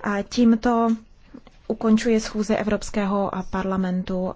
A Tímto ukončuji schůze Evropského parlamentu.